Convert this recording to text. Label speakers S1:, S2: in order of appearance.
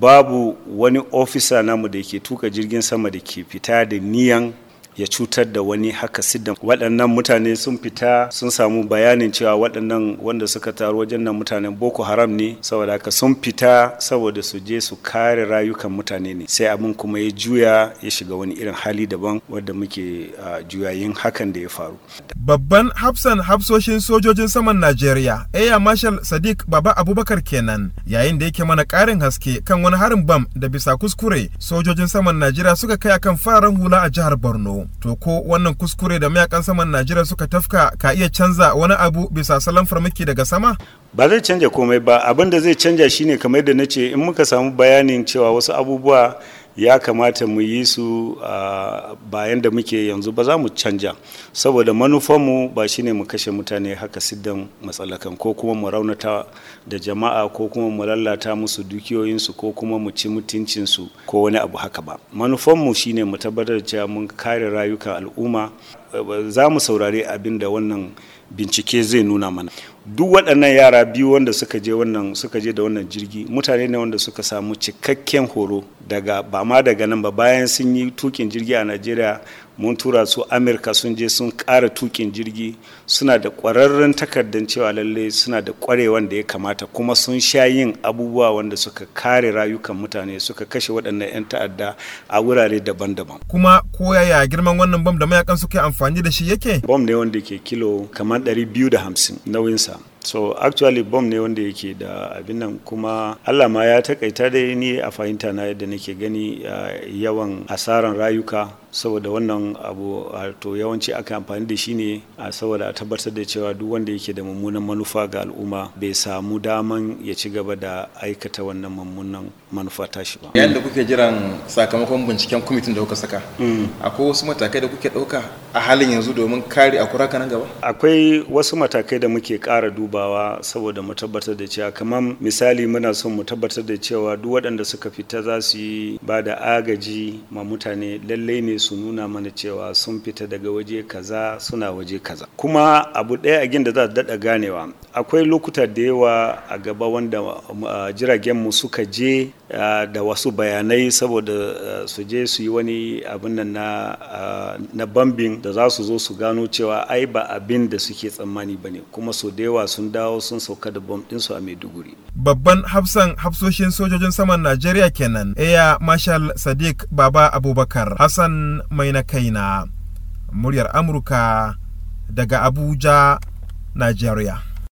S1: babu wani ofisa namu da ke tuka jirgin sama da ke fita da niyan ya cutar da wani haka siddan waɗannan mutane sun fita sun samu bayanin cewa waɗannan wanda suka taru wajen nan mutanen boko haram ne saboda haka sun fita saboda su je su kare rayukan mutane ne sai abin kuma ya juya ya shiga wani irin hali daban wadda muke juyayin hakan da ya faru babban hafsan hafsoshin sojojin
S2: saman najeriya air marshal sadiq baba abubakar kenan yayin da yake mana ƙarin haske kan wani harin bam da bisa kuskure sojojin saman najeriya suka kai akan fararen hula a jihar borno to ko wannan kuskure da mayakan saman najeriya suka tafka ka iya canza wani abu bisa salon farmaki daga sama
S1: ba zai canja komai ba abin da zai canja shine kamar da na ce in muka samu bayanin cewa wasu abubuwa ya kamata mu yi su bayan da muke yanzu ba za mu canja saboda manufanmu ba shine mu kashe mutane haka sidan matsalakan ko kuma mu raunata da jama'a ko kuma mu lalata musu dukiyoyinsu ko kuma mu ci mutuncinsu ko wani abu haka ba manufanmu shine mu tabbatar da cewa mun kare rayukan al'umma za mu saurari abin da wannan bincike zai nuna mana duk waɗannan yara biyu wanda suka je wannan suka je da wannan jirgi mutane ne wanda suka samu cikakken horo daga ba ma daga nan ba bayan sun yi tukin jirgi a najeriya mun tura su amurka sun je sun ƙara tukin jirgi suna da ƙwararren takardar cewa lalle suna da ƙwarewan da ya kamata kuma sun sha yin abubuwa wanda suka kare rayukan mutane suka kashe waɗannan 'yan ta'adda a wurare daban-daban
S2: kuma ko yaya girman
S1: wannan bom da mayakan suke amfani da shi yake bom ne wanda ke kilo kamar 250 nauyinsa so actually bom ne wanda yake da abin nan kuma allah ma ya takaita da ni a fahimta na yadda nake gani yawan asaran rayuka saboda wannan abu to yawanci aka amfani da shi ne a saboda a tabbatar da cewa duk wanda yake da mummunan manufa ga al'umma bai samu daman ya ci gaba da aikata wannan mummunan manufa ta shi ba yayin da
S2: kuke jiran sakamakon binciken kwamitin da kuka saka mm. akwai wasu matakai da
S1: kuke ɗauka a halin yanzu domin kare kura nan gaba akwai wasu matakai da muke ƙara duba dubawa saboda mu tabbatar da cewa kamar misali muna son mu tabbatar da cewa duk waɗanda suka fita za su yi ba da agaji ma mutane lallai ne su nuna mana cewa sun fita daga waje kaza suna waje kaza kuma abu ɗaya a da za su daɗa ganewa akwai lokuta da yawa a gaba wanda mu suka je da wasu bayanai saboda su je su yi wani abin nan na bambin da za su zo su gano cewa ai ba abin da suke tsammani ba ne kuma so da yawa sun dawo sun sauka da bom ɗinsu a Maiduguri.
S2: Babban hafsan hafsoshin sojojin saman Najeriya kenan, Eya Marshal Sadiq Baba Abubakar Hassan maina kaina,
S1: muryar Amurka daga Abuja, Najeriya.